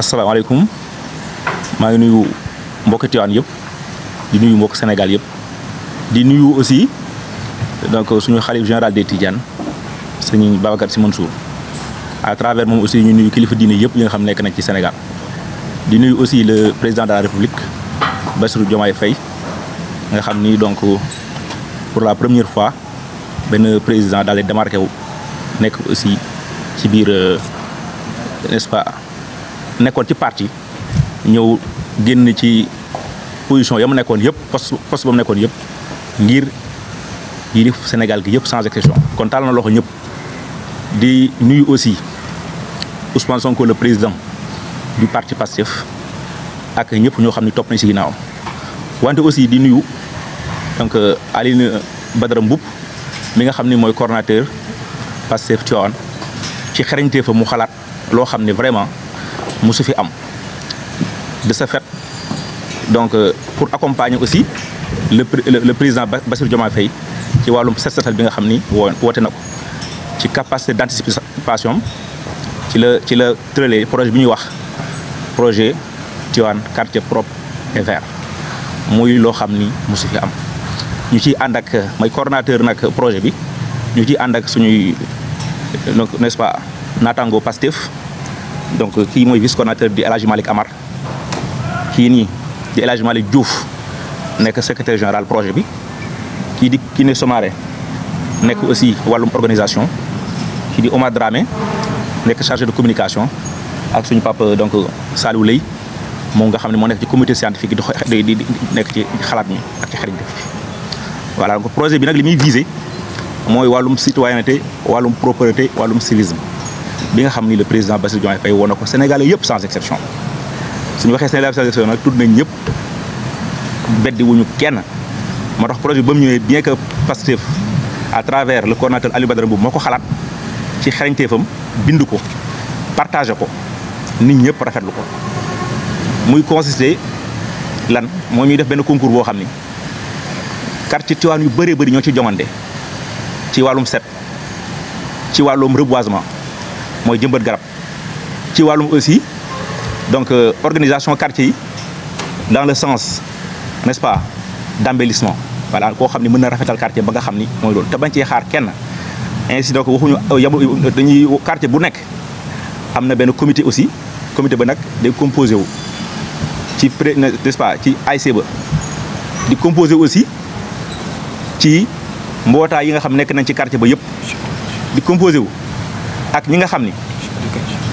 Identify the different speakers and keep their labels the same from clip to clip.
Speaker 1: asalaamaaleykum maa ngi nuyu mbokki Tivaouane yëpp di nuyu mbokk Sénégal yëpp di nuyu aussi donc suñu xalif général des Tidianes sëñ Babacar Sy Mansour à travers moom aussi ñu nuyu kilifa diine yëpp ñu nga xam nekk nañ ci Sénégal di nuyu aussi le président de la République Bassirou Diomaye Faye nga xam ni donc pour la première fois benn président daal di démarqué wu nekk aussi ci biir euh, nest pas nekkoon ci parti ñëw génn ci position ya mu nekkoon yëpp poste poste ba nekkoon yëpp ngir yilif Sénégal gi yëpp sans exception kon taal na loxo ñëpp di nuyu aussi Ousmane Sonko le président du parti Pastef ak ñëpp ñoo xam ne topp nañ si ginnaawam wante aussi di nuyu donc euh, Aline Badara Mboup mi nga xam ni mooy coordinateur Pastef Tivaouane ci xarañte fa mu xalaat loo xam ne vraiment musu fi am de ce fait donc euh, pour accompagner aussi le le président Bassirou Diomaye Faye ci wàllum set setal bi nga xam ni woote na ko ci capacité d'anticipation ci la ci la tëralee projet bi ñuy wax projet Tivaouane quartier propre et vert muy loo xam ni musu fi am ñu ciy ànd ak may coordonnateur nag projet bi ñu ciy ànd ak suñuy euh, n'est-ce pas naataango Pastef donc euh, kii mooy vice coordonnateur di El Hadj Malick kii nii di El Hadj Malick nekk secretaire général projet bi kii di Kiné Somaré nekk aussi wàllum organisation kii di Omar Dramé nekk chargé de communication ak suñu papa donc Saliou Ley moom nga xam ne moo nekk ci comité scientifique di di nekk ci xalaat mi ak ci xarit bi voilà donc projet bi nag li muy visé mooy wàllum citoyenneté wàllum propriété wàllum civisme bi nga xam ni le président Bassirou Diomaye Faye woon na ko Sénégalais yëpp sans exception suñu waxee Sénégalais sans exception nag tudd nañ ñëpp beddi wuñu kenn moo tax projet ba mu ñëwee bien que Pastef à travers le coordonnateur Aliou Badara Mboup moo ko xalaat ci xarañteefam bind ko partagé ko nit ñëpp lu ko muy consister lan moo ñuy def benn concours boo xam ni quartier Tivaouane yu bëree bëri ñoo ci joŋande ci wàllum set ci wàllum reboisement mooy jëmbat garab ci wàllum aussi donc euh, organisation quartier yi dans le sens nest pas d'embellissement voilà koo xam ni mën na rafetal quartier ba nga xam ni mooy loolu te bañ cee xaar kenn ainsi donc waxuñu euh, yabu euh, dañuy quartier bu nekk am na benn comité aussi comité ba nag day composé wu ci pré n'est-ce pas ci AIC di composé aussi ci mbootaay yi nga xam nekk nañ ci quartier ba yëpp di composé wu ak ñi nga xam ni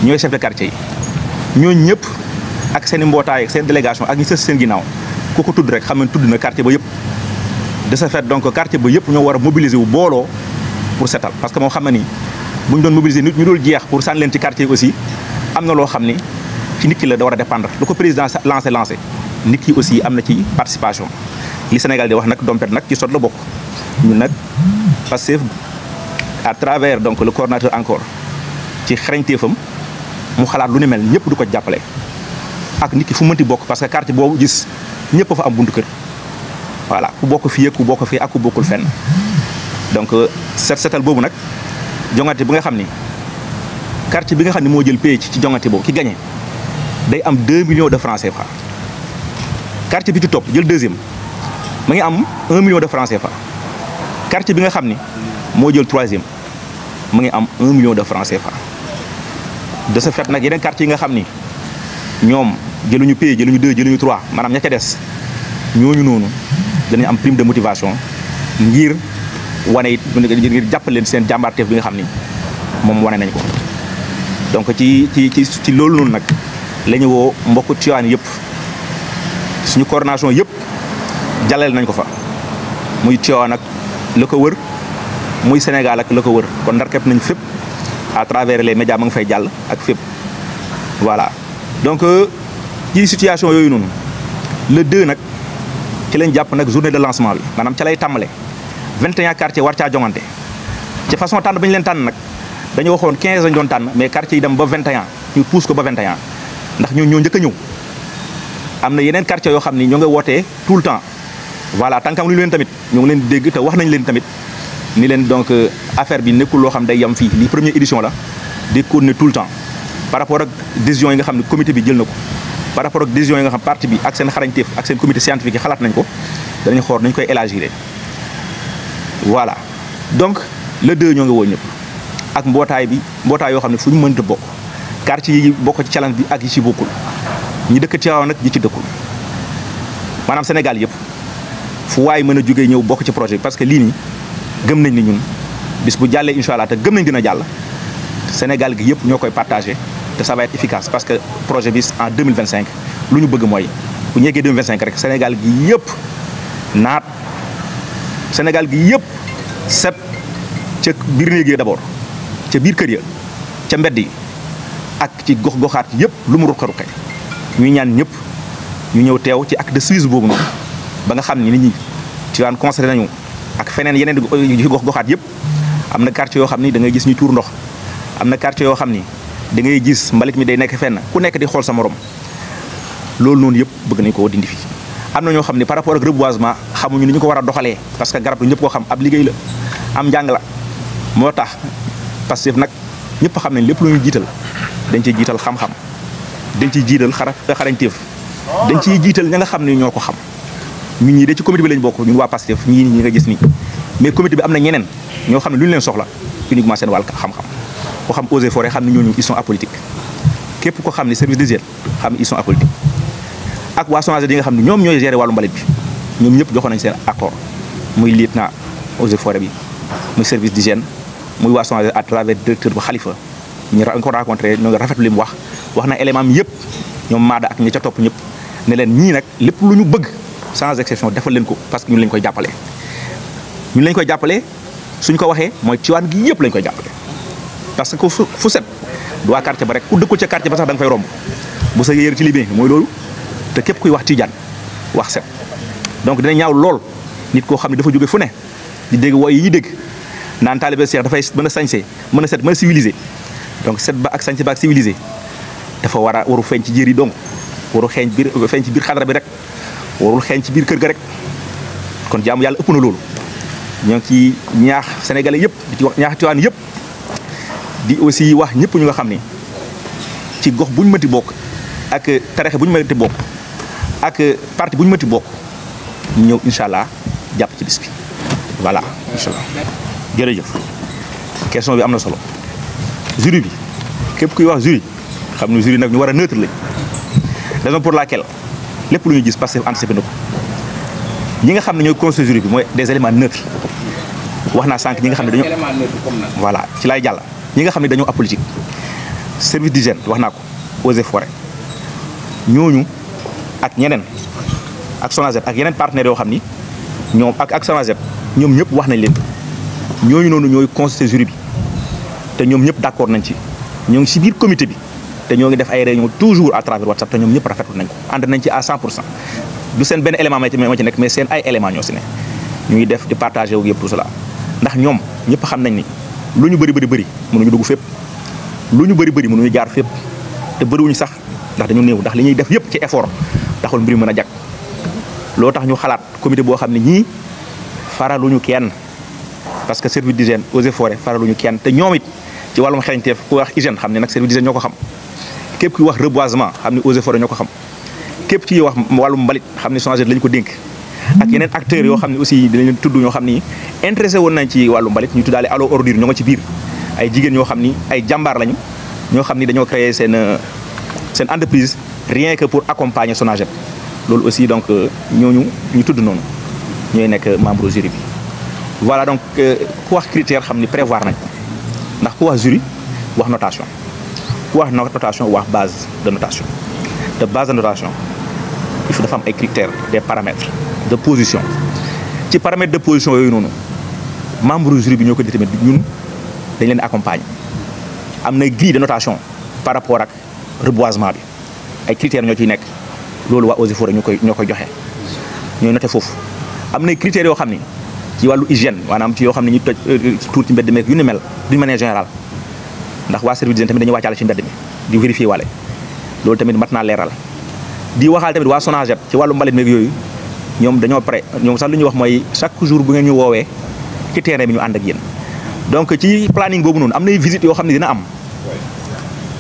Speaker 1: ñooy chef de quartier yi ñooñu ñëpp ak seen mbootaay ak seen délégation ak ñi sës seen ginnaaw ku ko tudd rek xam ne tudd na quartier ba yëpp de ce fait donc quartier ba yëpp ñoo war a mobiliser wu booloo pour setal parce que moom xam na ni bu ñu doon mobiliser nit ñu dul jeex pour sànni leen ci quartier yi aussi am na loo xam ni ci nit ki la da war a dépendre lu ko président lancé lancé nit ki aussi am na ci participation li Sénégal di wax nag dompet nag ci sot la bokk ñun nag Pastef à travers donc le coordonnateur encore ci xarañteefam mu xalaat lu ni mel ñëpp du ko jàppale ak nit ki fu mënti bokk parce que quartier boobu gis ñëpp fa am buntu kër voilà ku bokk fii ku bokk fii ak ku bokkul fenn donc euh, set setal boobu nag jongante bi nga xam ni quartier bi nga xam ni moo jël pay ci jongante boobu ki gagné day am 2 millions de francs CFA quartier bi ci topp jël deuxième ma ngi am 1 de francs CFA quartier bi nga xam ni moo jël troisième mu ngi am un million de francs fa de ce nag yeneen quartier yi nga xam ni ñoom jëluñu pay jëluñu deux jëluñu trois maanaam ña ca des ñooñu noonu danañ am prime de motivation ngir wane it ngir jàppale leen seen jàmbaarteef bi nga xam ni moom wane nañ ko. donc ci ci ci ci loolu noonu nag lañu ñu woo mbokku Tiwaawan yëpp suñu coordination yëpp jàllale nañ ko fa muy Tiwaawan ak la ko wër muy Sénégal ak la ko wër kon ndar képp nañ fépp. à travers les médias ma ngi fay jàll ak fépp voilà donc euh, ci situation yooyu noonu le 2 nag ci lañ jàpp nag journée de lancement bi maanaam ca lay tàmbale 21 quartiers war caa jongante ci façon tànn ba ñu leen tànn nag dañu waxoon quinze lañ doon tànn mais quartier yi dem ba 21 ñu pousse ko ba 21 ndax ñoo ñoo njëkk ñëw am na yeneen quartier yoo xam ni ñoo nga wootee tout le temps voilà tànkam lu leen tamit ñoo ngi leen di dégg te wax nañ leen tamit ni leen donc euh, affaire bi nekkul loo xam day yam fii li première édition la di continuer tout le temps par rapport ak décision yi nga xam ne comité bi jël na ko par rapport ak décision yi nga xam parti bi ak seen xarañteef ak seen comité scientifique yi xalaat nañ ko danañ xool nañ koy élargir voilà donc le deux ñoo ngi woon ñëpp ak mbootaay bi mbootaay yoo xam ne fu ñu mënta bokk quartier yi bokk ci challenge bi ak yi ci bokkul ñu dëkk ci waaw nag ñi ci dëkkul maanaam Sénégal yëpp fu waay a jógee ñëw bokk ci projet parce que lii nii gëm nañ ni ñun bis bu jàllee incha allah te gëm nañ dina jàll Sénégal gi yëpp ñoo koy partagé te ça va efficace parce que projet bi en 2025 lu ñu bëgg mooy bu ñu yeggee 2025 rek Sénégal gi yëpp naat Sénégal gi yëpp set ca biir néeg yi ca biir kër ya ca mbedd yi ak ci gox goxaat yëpp lu mu ruqe ruqe ñuy ñaan ñëpp ñu ñëw teew ci acte de service boobu noonu ba nga xam ni nit ñi ci waan concerné nañu. ak feneen yeneen yi gox goxaat yëpp am na quartier yoo xam ni dangay ngay gis ñu tuur ndox am na quartier yoo xam ni da ngay gis mbalit mi day nekk fenn ku nekk di xool sa moroom loolu noonu yëpp bëgg nañ koo dindi fi am na ñoo xam ne par rapport ak reboisement xamuñu ni ñu ko war a doxalee parce que garab du ñëpp koo xam ab liggéey la am njàng la moo tax parce que nag ñëpp xam nañ lépp lu ñu jiital dañ ciy jiital xam-xam dañ ciy jiital xara xarañteef dañ ciy jiital ña nga xam ne ñoo ko xam ñun ñii de ci comité bi lañ bokk ñun waa Pastef ñii ñi nga gis nii mais comité bi am na ñeneen ñoo xam ne lu ñu leen soxla uniquement seen wàll xam-xam ko xam Eaux et xam ne ñooñu ils sont apolitiques képp ko xam ne service d'hygiène xam ne ils sont ak waa SONAGED yi nga xam ne ñoom ñooy gérer wàllu mbalit bi ñoom ñëpp joxoon nañ seen accord muy lieutenant Eaux et Forêts bi muy service d'hygiène muy waa SONAGED à travers directeur bu Khalifa ñu ko rencontré ñoo ngi rafetlu li mu wax wax na élément yëpp ñoom maada ak ñi ca topp ñëpp ne leen ñii nag lépp lu ñu bëgg sans exception defal leen ko parce que ñun lañ koy jàppale ñun lañ koy jàppale suñ ko waxee mooy Tivaouane gi yëpp lañ koy jàppale parce que fu set du waa quartier ba rek ku dëkku ca quartier ba sax da nga fay romb bu sa yër ci libee mooy loolu te képp kuy wax Tidiane wax set donc dina ñaaw lool nit koo xam ne dafa jóge fu ne di dégg wooy dégg naan taalibe Cheikh dafay mën a sañse mën a set mën a civilisé donc set ba ak sañse ba ak civilisé dafa war a waru feeñ ci jër yi donc waru xeeñ biir feeñ ci biir xadara bi rek warul xeeñ ci biir kër ga rek kon jaamu yàlla ëpp na loolu ñoo ngi ci ñaax sénégalais yëpp ci wax ñaax Tiwaawan yëpp di aussi wax ñëpp ñu nga xam ni ci gox bu ñu mënti bokk ak tarixe bu ñu mënti bokk ak parti bu ñu mënti bokk ñu ñëw incha allah jàpp ci bis bi voilà incha allah jërëjëf question bi am na solo jury bi képp kuy wax jury xam ne jury nag ñu war a neutre lañ raison pour laquelle lépp lu ñu gis Pastef anticipé na ko ñi nga xam ne ñooy conseil juridique bi mooy des éléments neutres wax naa sànq ñi nga xam ne dañoo voilà ci laay jàll ñi nga xam ne dañoo apolitique service d'hygiène wax naa ko eaux et forêt ñooñu ak ñeneen ak SONAGED ak yeneen partenaires yoo xam ni ñoom ak ak SONAGED ñoom ñëpp wax nañ leen ñooñu noonu ñooy conseil juridique bi te ñoom ñëpp d'accord nañ ci ñoo ngi ci biir comité bi te ñoo ngi def ay réunion toujours a travers WhatsApp te ñoom ñëpp rafetlu nañ ko ànd nañ ci à 100 pour cent du seen benn élément ma ci nekk mais seen ay élément ñoo si ne ñuy def di partagé wu yëpp tout cela ndax ñoom ñëpp xam nañ ni lu ñu bëri bëri bëri mënuñu dugg fépp lu ñu bëri bëri mënuñu jaar fépp te bëriwuñu sax ndax dañu néew ndax li ñuy def yëpp ci effort taxul mbir mi mën a jag loo tax ñu xalaat comité boo xam ne ñii faraluñu kenn parce que service d'hygiène eaux et forêt faraluñu kenn te ñoom it ci wàllum xeeñteef ku wax hygiène xam ne nag service d'hygiène ko xam képp ki wax reboisement xam ni eaux et forêts ñoo ko xam képp ci wax wàllum mbalit xam ni changer lañ ko dénk ak yeneen acteur yoo xam ne aussi dinañ tudd ñoo xam ni intéressé woon nañ ci wàllu mbalit ñu tuddaale alo ordure ñoo nga ci ay jigéen ñoo xam ni ay jàmbaar lañu ñoo xam ni dañoo créer seen seen entreprise rien que pour accompagner Sonaged loolu aussi donc euh, ñooñu ñu tudd noonu ñooy nekk membre jury bi voilà donc euh, ku wax critère xam ni prévoir nañ ndax ku wax jury wax notation ku wax notation wax base de notation de base de notation il faut dafa am ay critères des paramètres de position ci paramètres de position yooyu noonu membre jury bi ñoo ko déterminer ñun dañ leen am na grille de notation par rapport ak reboisement bi ay critères ñoo ciy nekk loolu wax Eaux et ñu koy ñoo koy joxe ñooy noté foofu am na critères yoo xam ni ci wàllu hygiène maanaam ci yoo xam ne ñu toj tuur euh, euh, ci mbedd meek yu ni mel d'une manière générale ndax waa service d'hygiène tamit dañuy wàccaale ci mbedd mi di vérifier waale loolu tamit mat naa leeral di waxaal tamit waa SONAGED ci wàllu mbalit meeg yooyu ñoom dañoo pare ñoom sax lu ñuy wax mooy chaque jour bu ngeen ñu woowee ci terrain bi ñu ànd ak yéen donc ci planning boobu noonu am nay visite yoo xam ne dina am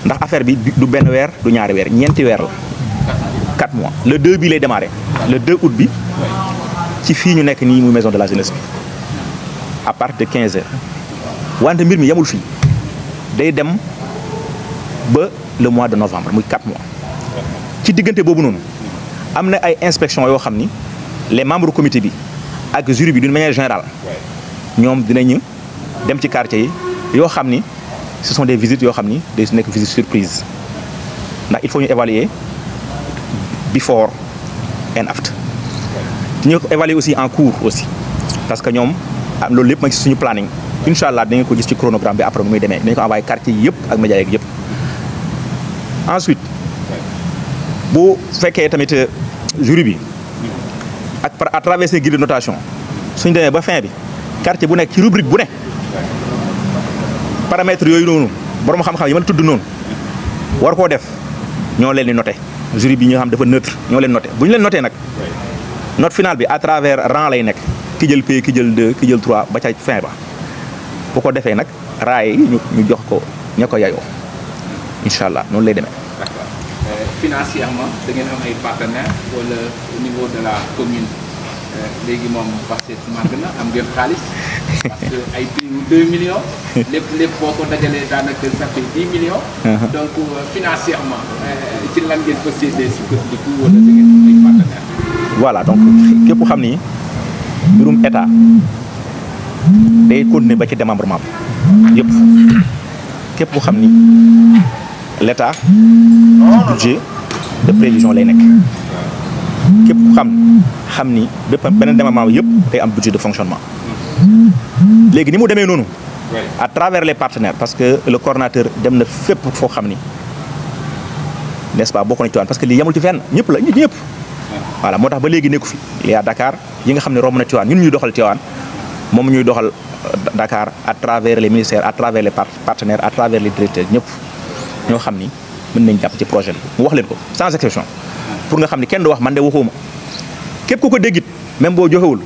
Speaker 1: ndax affaire bi du benn weer du ñaari weer ñeenti weer la 4 mois le 2 bi lay démarré le 2 août bi ci fii ñu nekk nii muy maison de la jeunesse à partir de wante mbir mi yamul fii day dem ba le mois de novembre muy 4 mois ci diggante boobu noonu am na ay inspection yoo xam ni les membres comité bi ak jury bi d'une manière général ñoom dinañu dem ci quartier yoo xam ni ce sont des visites yoo xam ni day nekk visite surprise ndax il faut ñu évaluer before and after ñu évaluer aussi en cours aussi parce que ñoom loolu lépp ma ci suñu planning incha allah dinañ ko gis ci chronogramme bi après nu muy demee dinañ ko envoyé quartier yi yëpp ak média yeeg ensuite bu fekkee tamit euh, jury bi ak par à travers ces de notation suñ demee ba fin bi quartier bu nekk ci rubrique bu ne paramètres yooyu noonu borom xam-xam yi mën tudd noonu war koo def ñoo leen note noté jury bi ñoo xam dafa neutre ñoo leen noté bu ñu leen noté nag note finale bi à travers rang lay nekk ki jël P ki jël 2 jël 3 ba ca fin bu ko defee nag raay yi ñu jox ko ña ko yayoo incha allah noonu lay demee. d'accord
Speaker 2: euh, financièrement da ngeen am ay partenaires wala au niveau de la commune euh, léegi moom Pastef màgg na am ngeen xaalis parce que millions. lépp lépp boo ko dajalee daanaka ça fait 10 millions. Uh-huh. donc euh, financièrement
Speaker 1: ci lan ngeen fas képp xam ni mbirum état. day continuer ba ci démembrement bi yëpp képp ku xam ni l'état budget de prévision lay nekk képp xam xam ni bépp beneen démembrement yëpp day am budget de fonctionnement léegi ni mu demee noonu à travers les partenaires parce que le cordinateur dem na fép foo xam ni n'est-ce pas bokk na ci Tivaouane parce que lii yemul ci fenn ñëpp la ñëpp. voilà moo tax ba léegi nekku fi il y a yi nga xam ne romb na Tivaouane ñun ñuy doxal Tivaouane moom ñuy doxal euh, Dakar a travers les ministères à travers les partenaires à travers les directeurs ñëpp ñoo xam ni mën nañ jàpp ci projet mu wax leen ko sans exception pour nga xam ni kenn du wax man de waxuma képp ku ko déggit même boo joxewul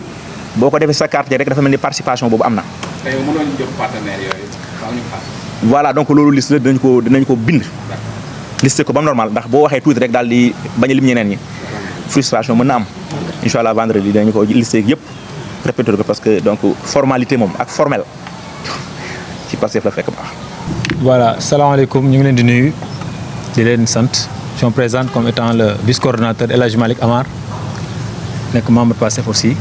Speaker 1: boo ko defee sa carte rek dafa mel ni participation boobu am na. voilà donc loolu liste la dinañ ko dinañ ko bind. liste ko ba mu normal ndax boo waxee tuuti rek daal di bañ a lim ñi frustration mën na am. incha allah vendredi dinañ ko listé yëpp. répété ko parce que donc formalité moom ak formel ci Pastef la fekk baax.
Speaker 2: voilà salaamaaleykum ñu ngi leen di nuyu di leen sant je présente comme étant le vice coordonnateur El Hadj Malick Amar nekk membre Pastef aussi.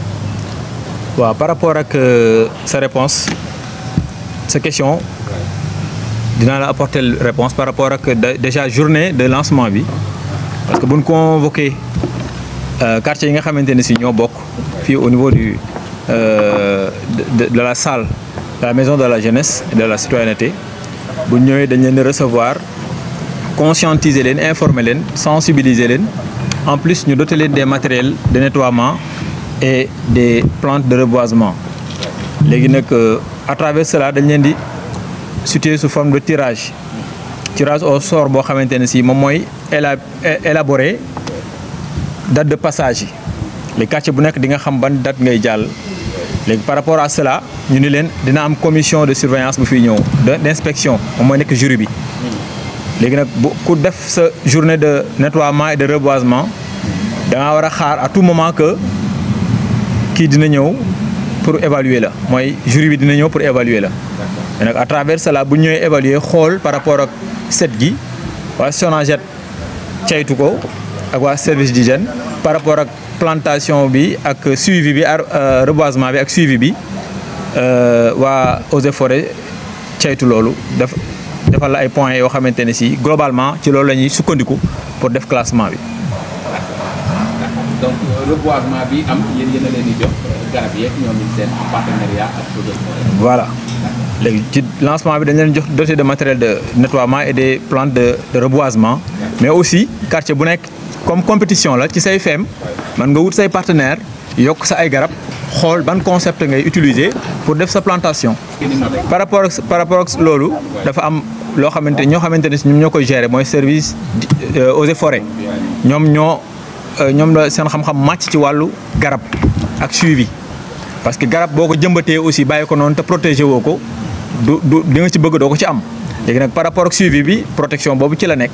Speaker 2: waaw par rapport ak euh, sa réponse sa question dinaa la apporter réponse par rapport ak déjà journée de lancement bi parce que bu ñu convoqué euh, quartier yi nga xamante ne si ñoo bokk fii au niveau du euh, de, la salle de la maison de la jeunesse et de la citoyenneté bu ñëwee dañ leen recevoir conscientiser leen informer leen sensibiliser leen en plus ñu doter leen des matériels de nettoiement et des plante de reboisement léegi nag euh, à travers cela dañ leen di situer sous forme de tirage tirage au sort boo xamante ne si moom mooy éla élaborer date de passage yi les quartiers bu nekk di nga xam ban date ngay jàll léegi par rapport à cela ñu ni leen dina am commission de surveillance bu fiy ñëw de d' inspection moom mooy nekk jury bi léegi nag bu ku def sa journée de nettoiement et de reboisement da war a xaar à tout moment que kii dina ñëw pour évaluer la mooy jury bi dina ñëw pour évaluer la mais nag à travers cela bu ñëwee évaluer xool par rapport ak set gi waa SONAGED caytu ko ak waa service di d'hygiène par rapport ak plantation bi ak suivi bi euh, reboisement bi ak suivi bi euh, waa eaux et forêt ceytu loolu def defal ay points yoo xamante ne si globalement ci loolu la ñuy sukkandiku pour def classement bi. donc euh, reboisement bi am yéen yéen a leen ci lancement bi dañ leen jox doté de matériel de nettoiement et des plantes de reboisement mais aussi quartier bu nekk. comme compétition la ci say feem man nga wut say partenaire yokk sa ay garab xool ban concept ngay utiliser pour def sa plantation par rapport ak par rapport loolu dafa am loo xamante ñoo xamante ne si ñoom ñoo koy gérer mooy service euh, eaux et forêts ñoom ñoo euh, ñoom seen xam-xam màcc ci wàllu garab ak suivi parce que garab boo ko jëmbatee aussi bàyyi ko noonu te protéger woo ko du du di nga ci bëgg doo ko ci am léegi par rapport ak suivi bi protection boobu ci la nekk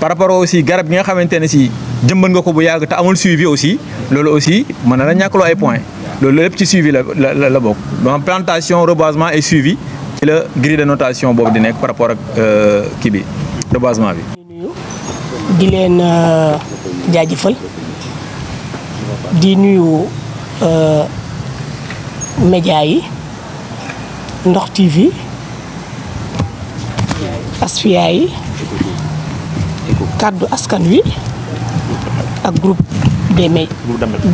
Speaker 2: par rapport aussi garab gi nga xamante ne si jëmbat nga ko bu yàgg te amul suivi aussi loolu aussi mën na la ñàkkaloo ay points loolu lépp ci suivi la la la bokk donc plantation reboisement et suivi ci la grille de notation boobu di nekk par rapport ak euh, kii bi reboisement bi.
Speaker 3: di leen euh, jaajëfal di nuyu euh, média yi Ndox TV. Asfiya yi kàddu askan wi ak groupe Damel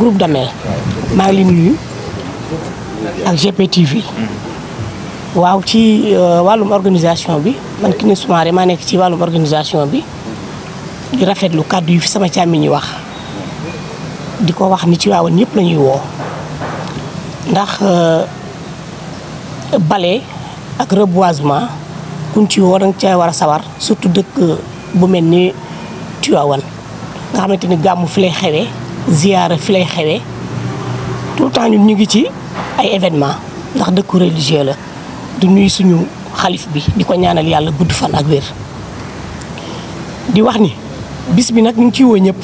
Speaker 3: groupe Damel maa ngi leen nuyu
Speaker 4: ak GPTV
Speaker 3: waaw ci euh, wàllum organisation bi man Kiné Soumaré maa nekk ci wàllum organisation bi di rafetlu kàddu yi fi sama càmmiñ ñi wax di ko wax ni ci waaw ñëpp lañuy woo ndax euh, bale ak reboisement kuñ ci woo danga cee war a sawar surtout dëkk bu mel ni Tivaouane nga xamante ni gàmmu fi lay xewee ziyaara fi lay xewee tout le temps ñun ñu ngi ci ay événement ndax dëkku religieux la du nuy suñu xalif bi di ko ñaanal yàlla gudd fan ak wér di wax ni bis bi nag ñu ngi ciy woo ñëpp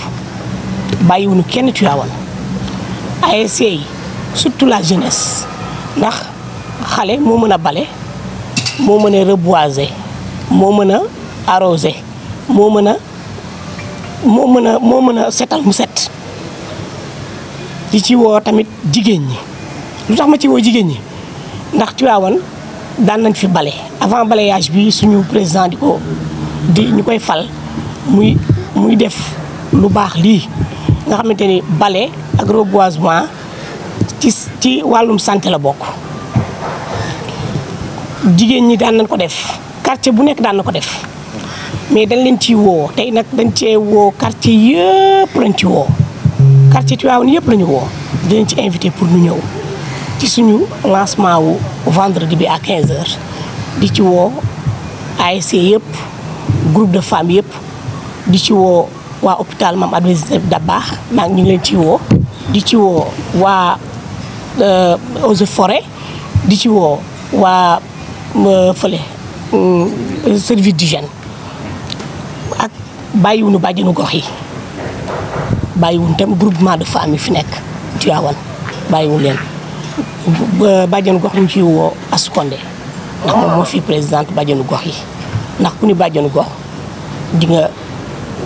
Speaker 3: bàyyiwuñu kenn Tivaouane ay yi surtout la jeunesse ndax xale moo mën a bale moo mën a reboiser moo mën a arrosé moo mën a moo mën a moo mën a setal mu set di ci woo tamit jigéen ñi lu tax ma ci woo jigéen ñi ndax Tiwaawan daan nañ fi bale avant balayage bi suñu président di ko di ñu koy fal muy muy def lu baax lii nga xamante ni bale ak reboisement ci ci wàllum santé la bokk jigéen ñi daan nañ ko def quartier bu nekk daan na ko def mais dañ leen ci woo tey nag dañ cee woo quartier yëpp lañ ci woo quartier Tivaouane yëpp la ñu woo dinañ ci invité pour ñu ñëw ci suñu lancement wu vendredi bi à 15h di ci woo ASC yëpp groupe de femmes yëpp di ci woo waa hôpital Mame Abdou Aziz Dabakh maa ngi ñu ngi leen ci woo di ci woo waa euh, eaux forêt di ci woo waa fële euh, service d'hygiène ak bàyyiwuñu bàjjenu gox yi bàyyiwuñu tam groupement de femmes yi fi nekk Tivaouane bàyyiwu leen bàjjenu gox ñu ci woo askonde ndax moom moo fi présidente bàjjenu gox yi ndax ku ni bàjjenu gox di nga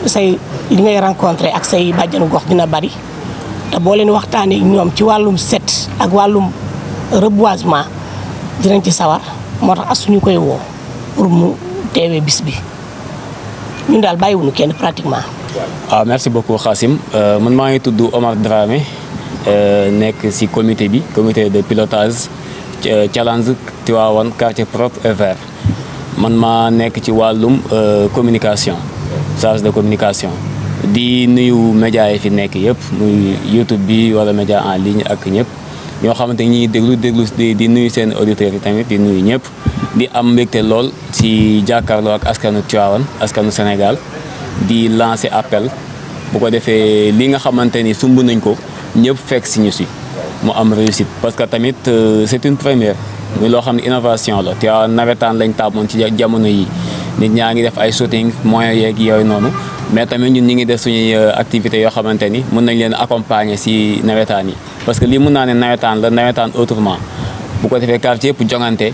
Speaker 3: say li ngay rencontré ak say bàjjenu gox dina bari te boo leen waxtaanee ñoom ci wàllum set ak wàllum reboisement dinañ ci sawar moo tax as ñu koy woo pour mu teewee bis bi ñun daal bàyyiwuñu kenn pratiquement.
Speaker 4: Ah, merci beaucoup Xasim euh, man maa ngi tudd Omar Dramé euh, nekk ci comité bi comité de pilotage euh, challenge Tivaouane quartier man maa nekk ci wàllum communication charge de communication. di nuyu média yi fi nekk yëpp muy YouTube bi wala média en ligne ak ñëpp. ñoo xamante ñi déglu déglu di nuyu seen auditeurs yi tamit di nuyu ñëpp di am mbégte lool ci jàkkaarloo ak askanu Tivaouane askanu Sénégal di lancer appel bu ko defee li nga xamante ni sumb nañ ko ñëpp fekk si ñu si mu am réussite parce que tamit euh, c'est une première muy loo xam ne innovation la Tivaouane nawetaan lañ tàmmoon ci jamono yi nit ñaa ngi def ay shooting moyens yeeg yooyu noonu mais tamit ñun ñu ngi def suñuy euh, activité yoo xamante ni mën nañ leen accompagner si nawetaan yi parce que lii mën naa ne nawetaan la nawetaan autrement bu ko defee quartier yëpp jongante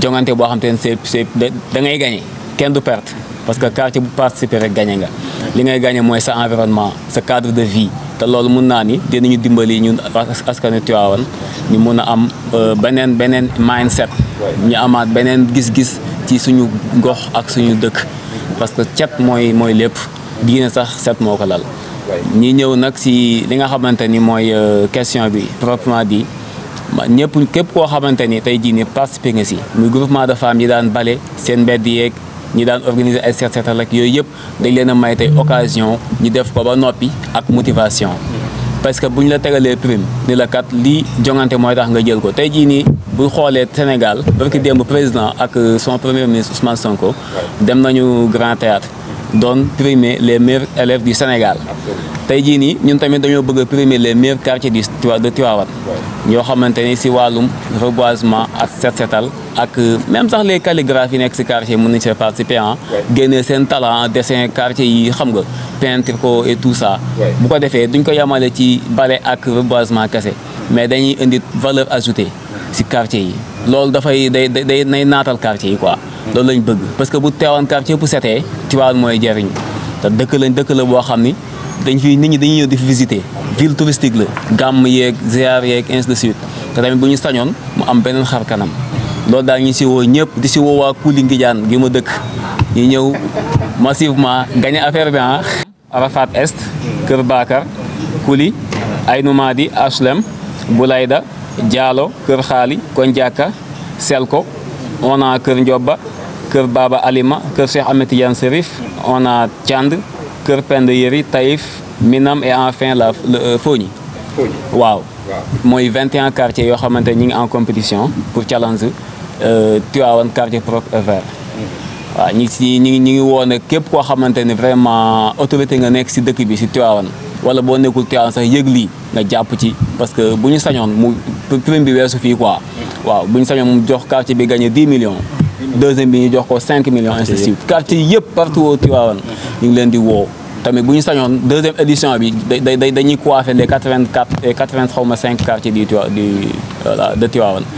Speaker 4: jongante boo xam te ne c'est c'est da ngay gagné kenn du perte parce que quartier bu participer rek gagné nga li ngay gagné mooy sa environnement sa cadre de vie te loolu mun naa ni dinañu dimbali ñun askanu Tiwaawan ñu mun a am euh, beneen beneen mindset ñu amaat beneen gis-gis ci suñu gox ak suñu dëkk parce que cet mooy mooy lépp diine sax set moo ko lal ñi ñëw nag si li nga xamante ni mooy euh, question bi proprement dit ñëpp képp koo xamante ni tey jii ni participé nga si mu groupement de femmes ñi daan bale seen mbedd yeeg ñi daan organiser ay set setal yooyu yëpp dañ leen a may tey occasion ñu def ko ba noppi ak motivation parce que bu ñu la tegalee prime ni la kat lii jongante mooy tax nga jël ko tey jii nii bu xoolee Sénégal barki démb président ak euh, son premier ministre Ousmane Sonko dem nañu Grand Théâtre doon primer les meilleurs élèves du Sénégal tey jii nii ñun tamit dañoo bëgg a primer les meilleurs quartiers du de Tivaouane ñoo xamante ni si wàllum reboisement ak set setal ak euh, même sax les calligraphes yi nekk si quartier mën nañ see participer ah génne seen talent dessin quartier yi xam nga peintre ko et tout ça bu ko defee duñ ko yemale ci bale ak reboisement kese mais dañuy indi valeur ajoutée si quartier yi loolu dafay day day nay naatal quartier yi quoi loolu lañ bëgg parce que bu teewoon quartier bu setee Tivaouane mooy jariñ te dëkk lañ dëkk la boo xam ni dañ fi nit ñi dañu ñëw di fi visiter ville touristique la gàmm yeeg ziar yeeg ainsi de suite te tamit bu ñu sañoon mu am beneen xar kanam loolu daal ñu si woo ñëpp di si woo waa Kuli Ngijaan gi ma dëkk ñu ñëw massivement gagné affaire bi ah Arafat Est Kër Bakar Kuli Aynu Madi HLM Bulayda Diallo Kër Xaali Kondiaka Selko Ona Kër Ndioba Kër Baba Alima Kër Cheikh Ahmed Tidiane Serif on a Thiand Kër Pend Yeri Taïf Minam et en enfin la euh, Fogni waaw mooy 21 quartiers yoo xamante ñi ngi en compétition pour challenge euh, Tivaouane quartier propre et vert waaw ñi si ñi ñi ngi woone képp koo xamante ni vraiment autorité nga nekk si dëkk bi si Tivaouane wala boo nekkul Tivaouane sax yëg lii nga jàpp ci parce que bu ñu sañoon mu prime bi weesu fii quoi mm. waaw bu sañoon mu jox quartier bi gagné 10 millions deuxième bi ñu jox ko cinq millions ainsi de suite quartier yëpp partout au Tivaouane ñu ngi leen di woo tamit bu ñu sañoon deuxième édition bi day day dañuy coiffé les 84 et 83 xaw ma 5 quartiers du Tivaouane du voilà de